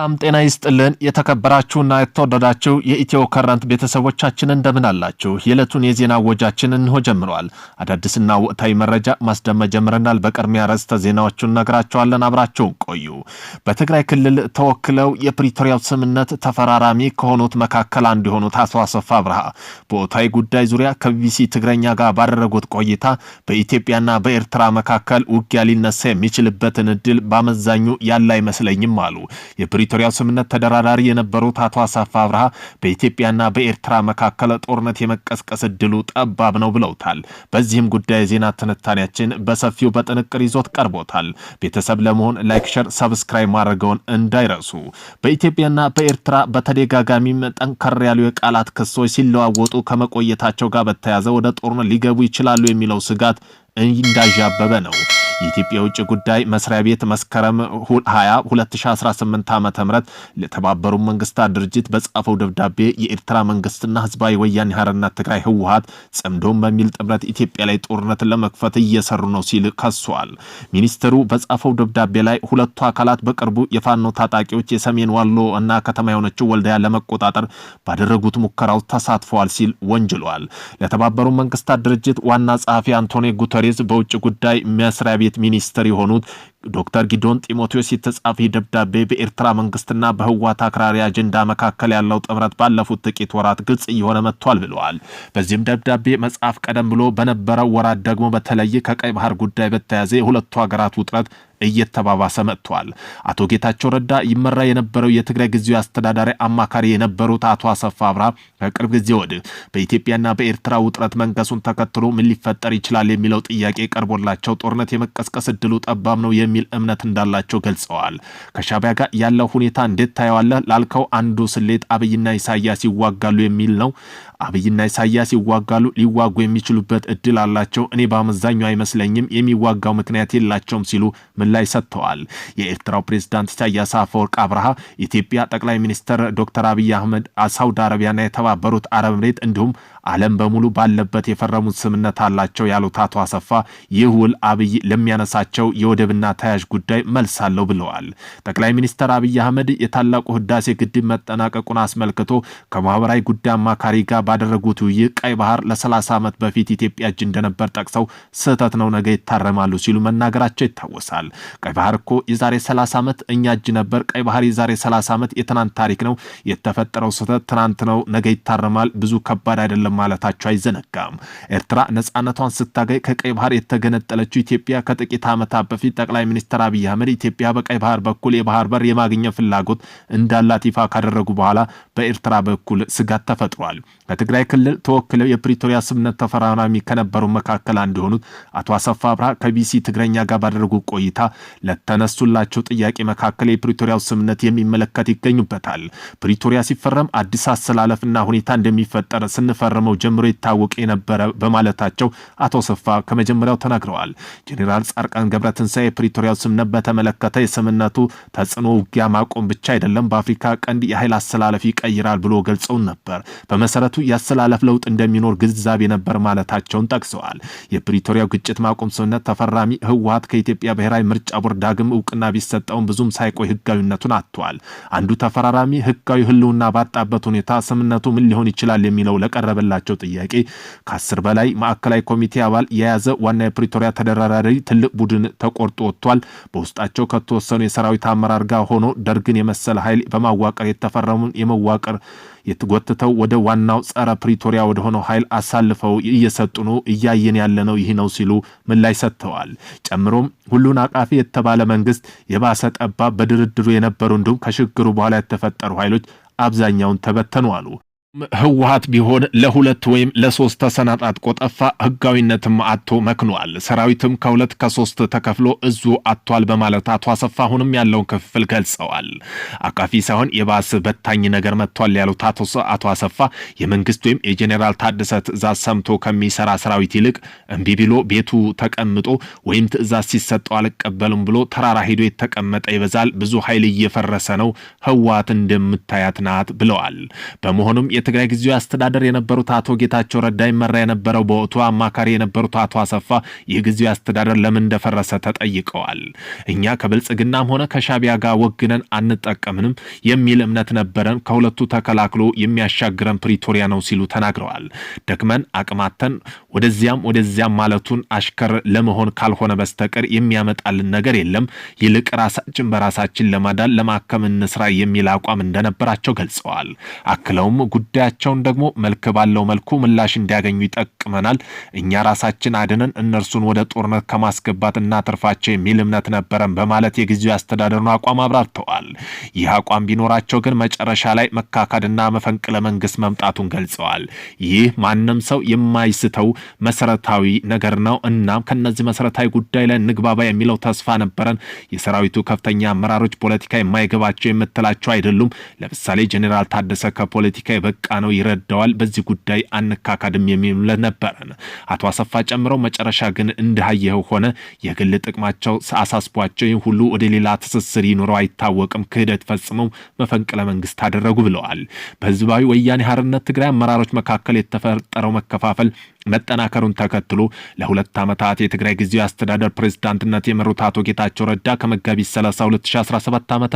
ሰላም ጤና ይስጥልን። የተከበራችሁና የተወደዳችሁ የኢትዮ ከረንት ቤተሰቦቻችን እንደምን አላችሁ? የዕለቱን የዜና ወጃችን እንሆ ጀምረዋል። አዳዲስና ወቅታዊ መረጃ ማስደመ ጀምረናል። በቅድሚያ ርዕሰ ዜናዎቹን እነግራችኋለን። አብራችሁን ቆዩ። በትግራይ ክልል ተወክለው የፕሪቶሪያው ስምምነት ተፈራራሚ ከሆኑት መካከል አንዱ የሆኑት አቶ አሰፋ አብርሃ በወቅታዊ ጉዳይ ዙሪያ ከቢቢሲ ትግረኛ ጋር ባደረጉት ቆይታ በኢትዮጵያና በኤርትራ መካከል ውጊያ ሊነሳ የሚችልበትን እድል በአመዛኙ ያለ አይመስለኝም አሉ። የፕሪቶሪያው ስምምነት ተደራዳሪ የነበሩት አቶ አሳፋ አብርሃ በኢትዮጵያና በኤርትራ መካከል ጦርነት የመቀስቀስ እድሉ ጠባብ ነው ብለውታል። በዚህም ጉዳይ የዜና ትንታኔያችን በሰፊው በጥንቅር ይዞት ቀርቦታል። ቤተሰብ ለመሆን ላይክሸር ሰብስክራይብ ማድረገውን እንዳይረሱ። በኢትዮጵያና በኤርትራ በተደጋጋሚም ጠንከር ያሉ የቃላት ክሶች ሲለዋወጡ ከመቆየታቸው ጋር በተያያዘ ወደ ጦርነት ሊገቡ ይችላሉ የሚለው ስጋት እንዳዣበበ ነው። የኢትዮጵያ የውጭ ጉዳይ መስሪያ ቤት መስከረም 20 2018 ዓ ም ለተባበሩ መንግስታት ድርጅት በጻፈው ደብዳቤ የኤርትራ መንግስትና ህዝባዊ ወያኔ ሀረና ትግራይ ህወሀት ጸምዶም በሚል ጥምረት ኢትዮጵያ ላይ ጦርነት ለመክፈት እየሰሩ ነው ሲል ከሷል። ሚኒስትሩ በጻፈው ደብዳቤ ላይ ሁለቱ አካላት በቅርቡ የፋኖ ታጣቂዎች የሰሜን ዋሎ እና ከተማ የሆነችው ወልዳያ ለመቆጣጠር ባደረጉት ሙከራው ተሳትፈዋል ሲል ወንጅሏል። ለተባበሩ መንግስታት ድርጅት ዋና ጸሐፊ አንቶኒ ጉተሬስ በውጭ ጉዳይ መስሪያ ቤት ቤት ሚኒስትር የሆኑት ዶክተር ጊዶን ጢሞቴዎስ የተጻፈ ደብዳቤ በኤርትራ መንግስትና በህዋት አክራሪ አጀንዳ መካከል ያለው ጥምረት ባለፉት ጥቂት ወራት ግልጽ እየሆነ መጥቷል ብለዋል። በዚህም ደብዳቤ መጽሐፍ ቀደም ብሎ በነበረው ወራት ደግሞ በተለይ ከቀይ ባህር ጉዳይ በተያዘ የሁለቱ ሀገራት ውጥረት እየተባባሰ መጥቷል። አቶ ጌታቸው ረዳ ይመራ የነበረው የትግራይ ጊዜያዊ አስተዳዳሪ አማካሪ የነበሩት አቶ አሰፋ አብርሃ ከቅርብ ጊዜ ወዲህ በኢትዮጵያና በኤርትራ ውጥረት መንገሱን ተከትሎ ምን ሊፈጠር ይችላል የሚለው ጥያቄ ቀርቦላቸው ጦርነት የመቀስቀስ እድሉ ጠባብ ነው የሚል እምነት እንዳላቸው ገልጸዋል። ከሻቢያ ጋር ያለው ሁኔታ እንዴት ታየዋለህ ላልከው አንዱ ስሌት አብይና ኢሳያስ ይዋጋሉ የሚል ነው። አብይና ኢሳያስ ይዋጋሉ፣ ሊዋጉ የሚችሉበት እድል አላቸው። እኔ በአመዛኙ አይመስለኝም፣ የሚዋጋው ምክንያት የላቸውም ሲሉ ምላሽ ሰጥተዋል። የኤርትራው ፕሬዝዳንት ኢሳያስ አፈወርቅ አብርሃ ኢትዮጵያ ጠቅላይ ሚኒስትር ዶክተር አብይ አህመድ ሳውዲ አረቢያና የተባበሩት አረብ ኤምሬት እንዲሁም ዓለም በሙሉ ባለበት የፈረሙት ስምነት አላቸው ያሉት አቶ አሰፋ ይህ ውል አብይ ለሚያነሳቸው የወደብና ተያዥ ጉዳይ መልስ አለው ብለዋል። ጠቅላይ ሚኒስትር አብይ አህመድ የታላቁ ህዳሴ ግድብ መጠናቀቁን አስመልክቶ ከማህበራዊ ጉዳይ አማካሪ ጋር ባደረጉት ውይይት ቀይ ባህር ለ30 ዓመት በፊት ኢትዮጵያ እጅ እንደነበር ጠቅሰው ስህተት ነው፣ ነገ ይታረማሉ ሲሉ መናገራቸው ይታወሳል። ቀይ ባህር እኮ የዛሬ 30 ዓመት እኛ እጅ ነበር። ቀይ ባህር የዛሬ 30 ዓመት የትናንት ታሪክ ነው። የተፈጠረው ስህተት ትናንት ነው፣ ነገ ይታረማል፣ ብዙ ከባድ አይደለም ማለታቸው አይዘነጋም። ኤርትራ ነፃነቷን ስታገኝ ከቀይ ባህር የተገነጠለችው ኢትዮጵያ ከጥቂት ዓመታት በፊት ጠቅላይ ሚኒስትር አብይ አህመድ ኢትዮጵያ በቀይ ባህር በኩል የባህር በር የማግኘት ፍላጎት እንዳላት ይፋ ካደረጉ በኋላ በኤርትራ በኩል ስጋት ተፈጥሯል። በትግራይ ክልል ተወክለው የፕሪቶሪያ ስምነት ተፈራራሚ ከነበሩ መካከል አንዱ የሆኑት አቶ አሰፋ አብርሃ ከቢሲ ትግረኛ ጋር ባደረጉ ቆይታ ለተነሱላቸው ጥያቄ መካከል የፕሪቶሪያው ስምነት የሚመለከት ይገኙበታል። ፕሪቶሪያ ሲፈረም አዲስ አሰላለፍና ሁኔታ እንደሚፈጠር ስንፈርመው ጀምሮ ይታወቅ የነበረ በማለታቸው አቶ አሰፋ ከመጀመሪያው ተናግረዋል። ጄኔራል ጻድቃን ገብረትንሳኤ የፕሪቶሪያው ስምነት በተመለከተ የስምነቱ ተጽዕኖ ውጊያ ማቆም ብቻ አይደለም፣ በአፍሪካ ቀንድ የኃይል አሰላለፍ ይቀይራል ብሎ ገልጸውን ነበር። በመሰረቱ ያሰላለፍ ለውጥ እንደሚኖር ግንዛቤ ነበር ማለታቸውን ጠቅሰዋል። የፕሪቶሪያው ግጭት ማቆም ስምምነት ተፈራሚ ህወሀት ከኢትዮጵያ ብሔራዊ ምርጫ ቦርድ ዳግም እውቅና ቢሰጠውን ብዙም ሳይቆይ ህጋዊነቱን አጥቷል። አንዱ ተፈራራሚ ህጋዊ ህልውና ባጣበት ሁኔታ ስምምነቱ ምን ሊሆን ይችላል የሚለው ለቀረበላቸው ጥያቄ ከአስር በላይ ማዕከላዊ ኮሚቴ አባል የያዘ ዋና የፕሪቶሪያ ተደራዳሪ ትልቅ ቡድን ተቆርጦ ወጥቷል። በውስጣቸው ከተወሰኑ የሰራዊት አመራር ጋር ሆኖ ደርግን የመሰለ ኃይል በማዋቀር የተፈረሙን የመዋቅር የተጎትተው ወደ ዋናው ጸረ ፕሪቶሪያ ወደሆነው ኃይል አሳልፈው እየሰጡኑ እያየን ያለነው ይህ ነው ሲሉ ምላሽ ሰጥተዋል። ጨምሮም ሁሉን አቃፊ የተባለ መንግስት የባሰ ጠባብ በድርድሩ የነበሩ እንዲሁም ከሽግግሩ በኋላ የተፈጠሩ ኃይሎች አብዛኛውን ተበተኑ አሉ። ህወሀት ቢሆን ለሁለት ወይም ለሶስት ተሰናጣጥቆ ጠፋ። ህጋዊነትም አቶ መክኗል። ሰራዊትም ከሁለት ከሶስት ተከፍሎ እዙ አቷል በማለት አቶ አሰፋ አሁንም ያለውን ክፍፍል ገልጸዋል። አቃፊ ሳይሆን የባስ በታኝ ነገር መጥቷል ያሉት አቶ አሰፋ የመንግስት ወይም የጄኔራል ታደሰ ትዕዛዝ ሰምቶ ከሚሰራ ሰራዊት ይልቅ እምቢ ቢሎ ቤቱ ተቀምጦ ወይም ትእዛዝ ሲሰጠው አልቀበልም ብሎ ተራራ ሄዶ የተቀመጠ ይበዛል። ብዙ ኃይል እየፈረሰ ነው። ህወሀት እንደምታያት ናት ብለዋል። በመሆኑም የትግራይ ጊዜያዊ አስተዳደር የነበሩት አቶ ጌታቸው ረዳ ይመራ የነበረው በወቅቱ አማካሪ የነበሩት አቶ አሰፋ ይህ ጊዜያዊ አስተዳደር ለምን እንደፈረሰ ተጠይቀዋል። እኛ ከብልጽግናም ሆነ ከሻቢያ ጋር ወግነን አንጠቀምንም የሚል እምነት ነበረን። ከሁለቱ ተከላክሎ የሚያሻግረን ፕሪቶሪያ ነው ሲሉ ተናግረዋል። ደክመን አቅማተን ወደዚያም ወደዚያም ማለቱን አሽከር ለመሆን ካልሆነ በስተቀር የሚያመጣልን ነገር የለም። ይልቅ ራሳችን በራሳችን ለማዳን ለማከም እንስራ የሚል አቋም እንደነበራቸው ገልጸዋል። አክለውም ጉዳያቸውን ደግሞ መልክ ባለው መልኩ ምላሽ እንዲያገኙ ይጠቅመናል። እኛ ራሳችን አድነን እነርሱን ወደ ጦርነት ከማስገባት ትርፋቸው የሚል እምነት ነበረን በማለት የጊዜው አስተዳደሩን አቋም አብራርተዋል። ይህ አቋም ቢኖራቸው ግን መጨረሻ ላይ መካካድና መፈንቅለ መንግስት መምጣቱን ገልጸዋል። ይህ ማንም ሰው የማይስተው መሰረታዊ ነገር ነው። እናም ከነዚህ መሰረታዊ ጉዳይ ላይ ንግባባ የሚለው ተስፋ ነበረን። የሰራዊቱ ከፍተኛ አመራሮች ፖለቲካ የማይገባቸው የምትላቸው አይደሉም። ለምሳሌ ጄኔራል ታደሰ ከፖለቲካ ጭቃ ነው ይረዳዋል። በዚህ ጉዳይ አንካካድም የሚል ነበረን። አቶ አሰፋ ጨምረው መጨረሻ ግን እንዳየኸው ሆነ የግል ጥቅማቸው አሳስቧቸው ይህ ሁሉ ወደ ሌላ ትስስር ይኖረው አይታወቅም፣ ክህደት ፈጽመው መፈንቅለ መንግስት አደረጉ ብለዋል። በህዝባዊ ወያኔ ሓርነት ትግራይ አመራሮች መካከል የተፈጠረው መከፋፈል መጠናከሩን ተከትሎ ለሁለት ዓመታት የትግራይ ጊዜ አስተዳደር ፕሬዝዳንትነት የመሩት አቶ ጌታቸው ረዳ ከመጋቢት 30 2017 ዓ ም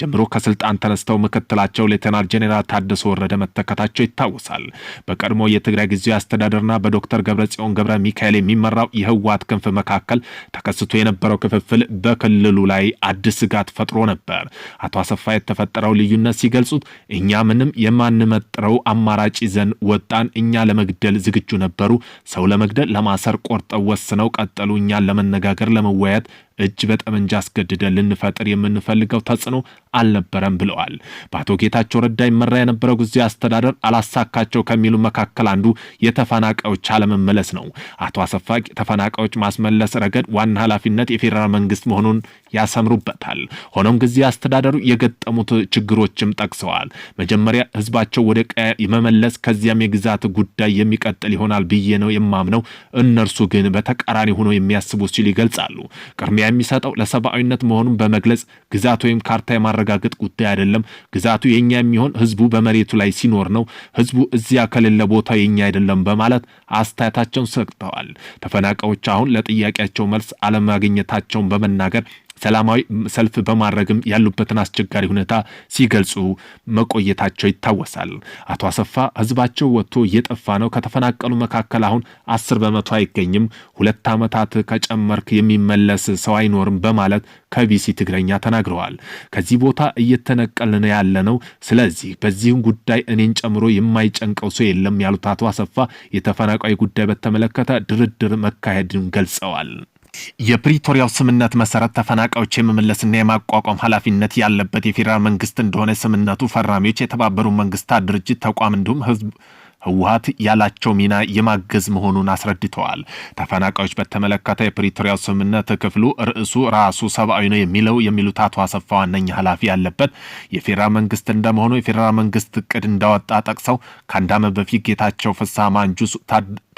ጀምሮ ከስልጣን ተነስተው ምክትላቸው ሌተናል ጄኔራል ታደሰ ወረደ መተከታቸው ይታወሳል። በቀድሞ የትግራይ ጊዜ አስተዳደርና በዶክተር ገብረጽዮን ገብረ ሚካኤል የሚመራው የህወሓት ክንፍ መካከል ተከስቶ የነበረው ክፍፍል በክልሉ ላይ አዲስ ስጋት ፈጥሮ ነበር። አቶ አሰፋ የተፈጠረው ልዩነት ሲገልጹት እኛ ምንም የማንመጥረው አማራጭ ይዘን ወጣን፣ እኛ ለመግደል ዝግጁ ስለነበሩ ሰው ለመግደል ለማሰር ቆርጠው ወስነው ቀጠሉ። እኛን ለመነጋገር ለመወያየት እጅ በጠመንጃ አስገድደን ልንፈጥር የምንፈልገው ተጽዕኖ አልነበረም ብለዋል። በአቶ ጌታቸው ረዳ ይመራ የነበረው ጊዜያዊ አስተዳደር አላሳካቸው ከሚሉ መካከል አንዱ የተፈናቃዮች አለመመለስ ነው። አቶ አሰፋ ተፈናቃዮች ማስመለስ ረገድ ዋና ኃላፊነት የፌዴራል መንግስት መሆኑን ያሰምሩበታል። ሆኖም ጊዜያዊ አስተዳደሩ የገጠሙት ችግሮችም ጠቅሰዋል። መጀመሪያ ህዝባቸው ወደ ቀየ መመለስ ከዚያም የግዛት ጉዳይ የሚቀጥል ይሆናል ብዬ ነው የማምነው። እነርሱ ግን በተቃራኒ ሆኖ የሚያስቡ ሲል ይገልጻሉ። ቅድሚያ የሚሰጠው ለሰብአዊነት መሆኑን በመግለጽ ግዛት ወይም ካርታ የማረጋገጥ ጉዳይ አይደለም። ግዛቱ የኛ የሚሆን ህዝቡ በመሬቱ ላይ ሲኖር ነው። ህዝቡ እዚያ ከሌለ ቦታው የኛ አይደለም በማለት አስተያየታቸውን ሰጥተዋል። ተፈናቃዮች አሁን ለጥያቄያቸው መልስ አለማግኘታቸውን በመናገር ሰላማዊ ሰልፍ በማድረግም ያሉበትን አስቸጋሪ ሁኔታ ሲገልጹ መቆየታቸው ይታወሳል። አቶ አሰፋ ህዝባቸው ወጥቶ እየጠፋ ነው፣ ከተፈናቀሉ መካከል አሁን አስር በመቶ አይገኝም፣ ሁለት ዓመታት ከጨመርክ የሚመለስ ሰው አይኖርም በማለት ከቢሲ ትግረኛ ተናግረዋል። ከዚህ ቦታ እየተነቀልን ያለ ነው። ስለዚህ በዚህም ጉዳይ እኔን ጨምሮ የማይጨንቀው ሰው የለም ያሉት አቶ አሰፋ የተፈናቃይ ጉዳይ በተመለከተ ድርድር መካሄድን ገልጸዋል። የፕሪቶሪያው ስምነት መሰረት ተፈናቃዮች የመመለስና የማቋቋም ኃላፊነት ያለበት የፌዴራል መንግስት እንደሆነ ስምነቱ ፈራሚዎች የተባበሩ መንግስታት ድርጅት ተቋም እንዲሁም ህዝብ ህወሀት ያላቸው ሚና የማገዝ መሆኑን አስረድተዋል። ተፈናቃዮች በተመለከተ የፕሪቶሪያው ስምምነት ክፍሉ ርዕሱ ራሱ ሰብአዊ ነው የሚለው የሚሉት አቶ አሰፋ ዋነኛ ኃላፊ ያለበት የፌዴራል መንግስት እንደመሆኑ የፌዴራል መንግስት እቅድ እንዳወጣ ጠቅሰው ከአንድ ዓመት በፊት ጌታቸው ፍስሐ ማንጁስ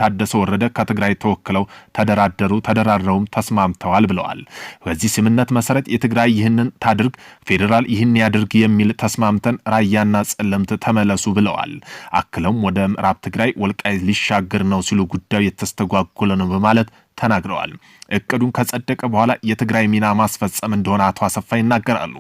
ታደሰ ወረደ ከትግራይ ተወክለው ተደራደሩ፣ ተደራድረውም ተስማምተዋል ብለዋል። በዚህ ስምምነት መሰረት የትግራይ ይህንን ታድርግ፣ ፌዴራል ይህን ያድርግ የሚል ተስማምተን ራያና ጸለምት ተመለሱ ብለዋል። አክለውም ወደ ምዕራብ ትግራይ ወልቃይት ሊሻገር ነው ሲሉ ጉዳዩ የተስተጓጎለ ነው በማለት ተናግረዋል። እቅዱን ከጸደቀ በኋላ የትግራይ ሚና ማስፈጸም እንደሆነ አቶ አሰፋ ይናገራሉ።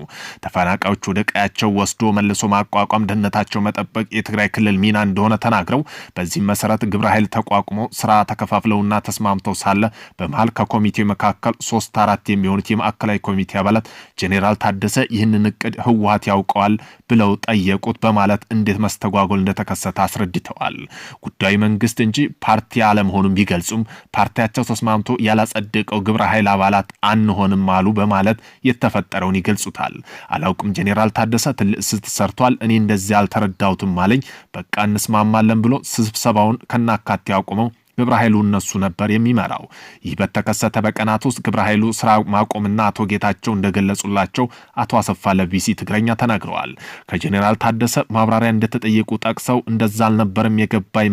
ተፈናቃዮች ወደ ቀያቸው ወስዶ መልሶ ማቋቋም፣ ደህንነታቸው መጠበቅ የትግራይ ክልል ሚና እንደሆነ ተናግረው በዚህም መሰረት ግብረ ኃይል ተቋቁሞ ስራ ተከፋፍለውና ተስማምተው ሳለ በመሀል ከኮሚቴው መካከል ሶስት አራት የሚሆኑት የማዕከላዊ ኮሚቴ አባላት ጄኔራል ታደሰ ይህንን እቅድ ህወሀት ያውቀዋል ብለው ጠየቁት በማለት እንዴት መስተጓጎል እንደተከሰተ አስረድተዋል። ጉዳዩ መንግስት እንጂ ፓርቲ አለመሆኑም ቢገልጹም ፓርቲያቸው ተስማምቶ ያላጸደቀው ግብረ ኃይል አባላት አንሆንም አሉ በማለት የተፈጠረውን ይገልጹታል። አላውቅም ጄኔራል ታደሰ ትልቅ ስህተት ሰርቷል፣ እኔ እንደዚህ አልተረዳሁትም አለኝ። በቃ እንስማማለን ብሎ ስብሰባውን ከናካቴ አቁመው ግብረ ኃይሉ እነሱ ነበር የሚመራው። ይህ በተከሰተ በቀናት ውስጥ ግብረ ኃይሉ ስራ ማቆምና አቶ ጌታቸው እንደገለጹላቸው አቶ አሰፋ ለቢሲ ትግረኛ ተናግረዋል። ከጄኔራል ታደሰ ማብራሪያ እንደተጠየቁ ጠቅሰው እንደዛ አልነበርም የገባይ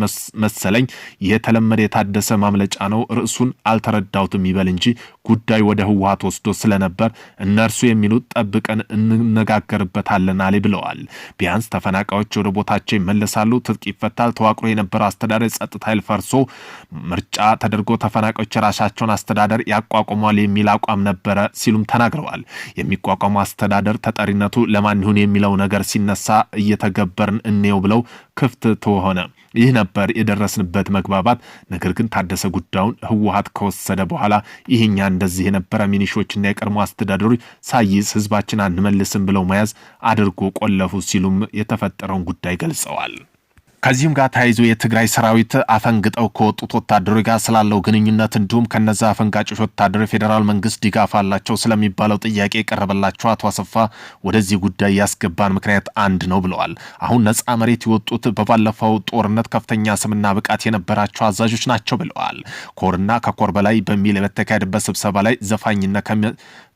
መሰለኝ፣ ይህ የተለመደ የታደሰ ማምለጫ ነው። ርዕሱን አልተረዳሁትም ይበል እንጂ ጉዳይ ወደ ህወሀት ወስዶ ስለነበር እነርሱ የሚሉት ጠብቀን እንነጋገርበታለን አሌ ብለዋል። ቢያንስ ተፈናቃዮች ወደ ቦታቸው ይመለሳሉ፣ ትጥቅ ይፈታል፣ ተዋቅሮ የነበረው አስተዳደር ጸጥታ ኃይል ፈርሶ ምርጫ ተደርጎ ተፈናቃዮች የራሳቸውን አስተዳደር ያቋቁሟል የሚል አቋም ነበረ ሲሉም ተናግረዋል። የሚቋቋሙ አስተዳደር ተጠሪነቱ ለማን ይሁን የሚለው ነገር ሲነሳ እየተገበርን እንየው ብለው ክፍት ተሆነ። ይህ ነበር የደረስንበት መግባባት። ነገር ግን ታደሰ ጉዳዩን ህወሀት ከወሰደ በኋላ ይህኛ እንደዚህ የነበረ ሚኒሾችና የቀድሞ አስተዳደሮች ሳይዝ ህዝባችን አንመልስም ብለው መያዝ አድርጎ ቆለፉ ሲሉም የተፈጠረውን ጉዳይ ገልጸዋል። ከዚህም ጋር ተያይዞ የትግራይ ሰራዊት አፈንግጠው ከወጡት ወታደሮች ጋር ስላለው ግንኙነት እንዲሁም ከነዚ አፈንጋጮች ወታደሮች ፌዴራል መንግስት ድጋፍ አላቸው ስለሚባለው ጥያቄ የቀረበላቸው አቶ አሰፋ ወደዚህ ጉዳይ ያስገባን ምክንያት አንድ ነው ብለዋል። አሁን ነፃ መሬት የወጡት በባለፈው ጦርነት ከፍተኛ ስምና ብቃት የነበራቸው አዛዦች ናቸው ብለዋል። ኮርና ከኮር በላይ በሚል በተካሄደበት ስብሰባ ላይ ዘፋኝነት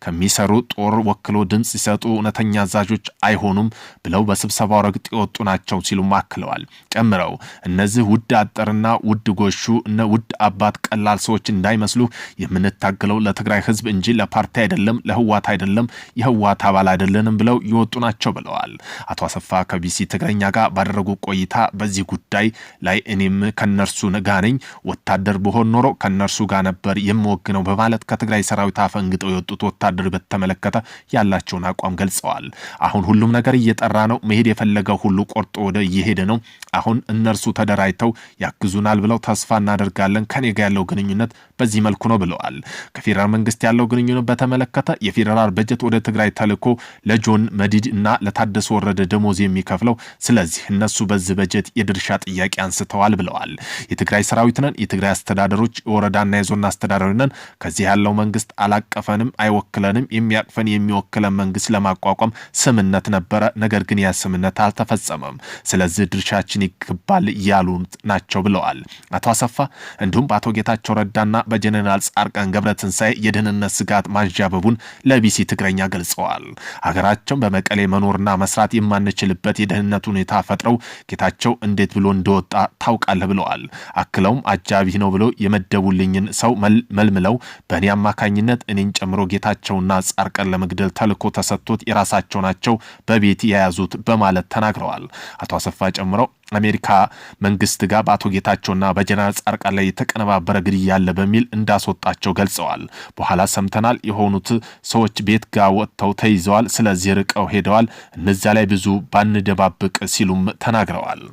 ከሚሰሩ ጦር ወክሎ ድምፅ ሲሰጡ እውነተኛ አዛዦች አይሆኑም ብለው በስብሰባው ረግጥ የወጡ ናቸው ሲሉም አክለዋል። ጨምረው እነዚህ ውድ አጠርና ውድ ጎሹ እነ ውድ አባት ቀላል ሰዎች እንዳይመስሉ የምንታገለው ለትግራይ ህዝብ እንጂ ለፓርቲ አይደለም፣ ለህዋት አይደለም፣ የህዋት አባል አይደለንም ብለው የወጡ ናቸው ብለዋል። አቶ አሰፋ ከቢሲ ትግረኛ ጋር ባደረጉ ቆይታ በዚህ ጉዳይ ላይ እኔም ከነርሱ ጋር ነኝ፣ ወታደር ብሆን ኖሮ ከነርሱ ጋር ነበር የምወግነው በማለት ከትግራይ ሰራዊት አፈንግጠው የወጡት ወታደር በተመለከተ ያላቸውን አቋም ገልጸዋል። አሁን ሁሉም ነገር እየጠራ ነው። መሄድ የፈለገው ሁሉ ቆርጦ ወደ እየሄደ ነው። አሁን እነርሱ ተደራጅተው ያግዙናል ብለው ተስፋ እናደርጋለን። ከኔ ጋር ያለው ግንኙነት በዚህ መልኩ ነው ብለዋል። ከፌዴራል መንግስት ያለው ግንኙነት በተመለከተ የፌዴራል በጀት ወደ ትግራይ ተልኮ ለጆን መዲድ እና ለታደሰ ወረደ ደሞዝ የሚከፍለው ስለዚህ እነሱ በዚህ በጀት የድርሻ ጥያቄ አንስተዋል ብለዋል። የትግራይ ሰራዊት ነን፣ የትግራይ አስተዳደሮች የወረዳና የዞን አስተዳዳሪ ነን። ከዚህ ያለው መንግስት አላቀፈንም፣ አይወክለንም። የሚያቅፈን የሚወክለን መንግስት ለማቋቋም ስምነት ነበረ። ነገር ግን ያ ስምነት አልተፈጸመም። ስለዚህ ድርሻችን ይገባል ያሉም ናቸው ብለዋል። አቶ አሰፋ እንዲሁም በአቶ ጌታቸው ረዳና በጀኔራል ጻድቃን ትንሳኤ የደህንነት ስጋት ማንዣበቡን ለቢሲ ትግረኛ ገልጸዋል። ሀገራቸውን በመቀሌ መኖርና መስራት የማንችልበት የደህንነት ሁኔታ ፈጥረው ጌታቸው እንዴት ብሎ እንደወጣ ታውቃለህ ብለዋል። አክለውም አጃቢ ነው ብለው የመደቡልኝን ሰው መልምለው በእኔ አማካኝነት እኔን ጨምሮ ጌታቸውና ጻድቃን ለመግደል ተልዕኮ ተሰጥቶት የራሳቸው ናቸው በቤት የያዙት በማለት ተናግረዋል። አቶ አሰፋ ጨምረው አሜሪካ መንግስት ጋር በአቶ ጌታቸውና በጀነራል ጻድቃን ላይ የተቀነባበረ ግድያ አለ በሚል እንዳስወጣቸው ገልጸዋል። በኋላ ሰምተናል የሆኑት ሰዎች ቤት ጋር ወጥተው ተይዘዋል። ስለዚህ ርቀው ሄደዋል። እነዚያ ላይ ብዙ ባንደባብቅ ሲሉም ተናግረዋል።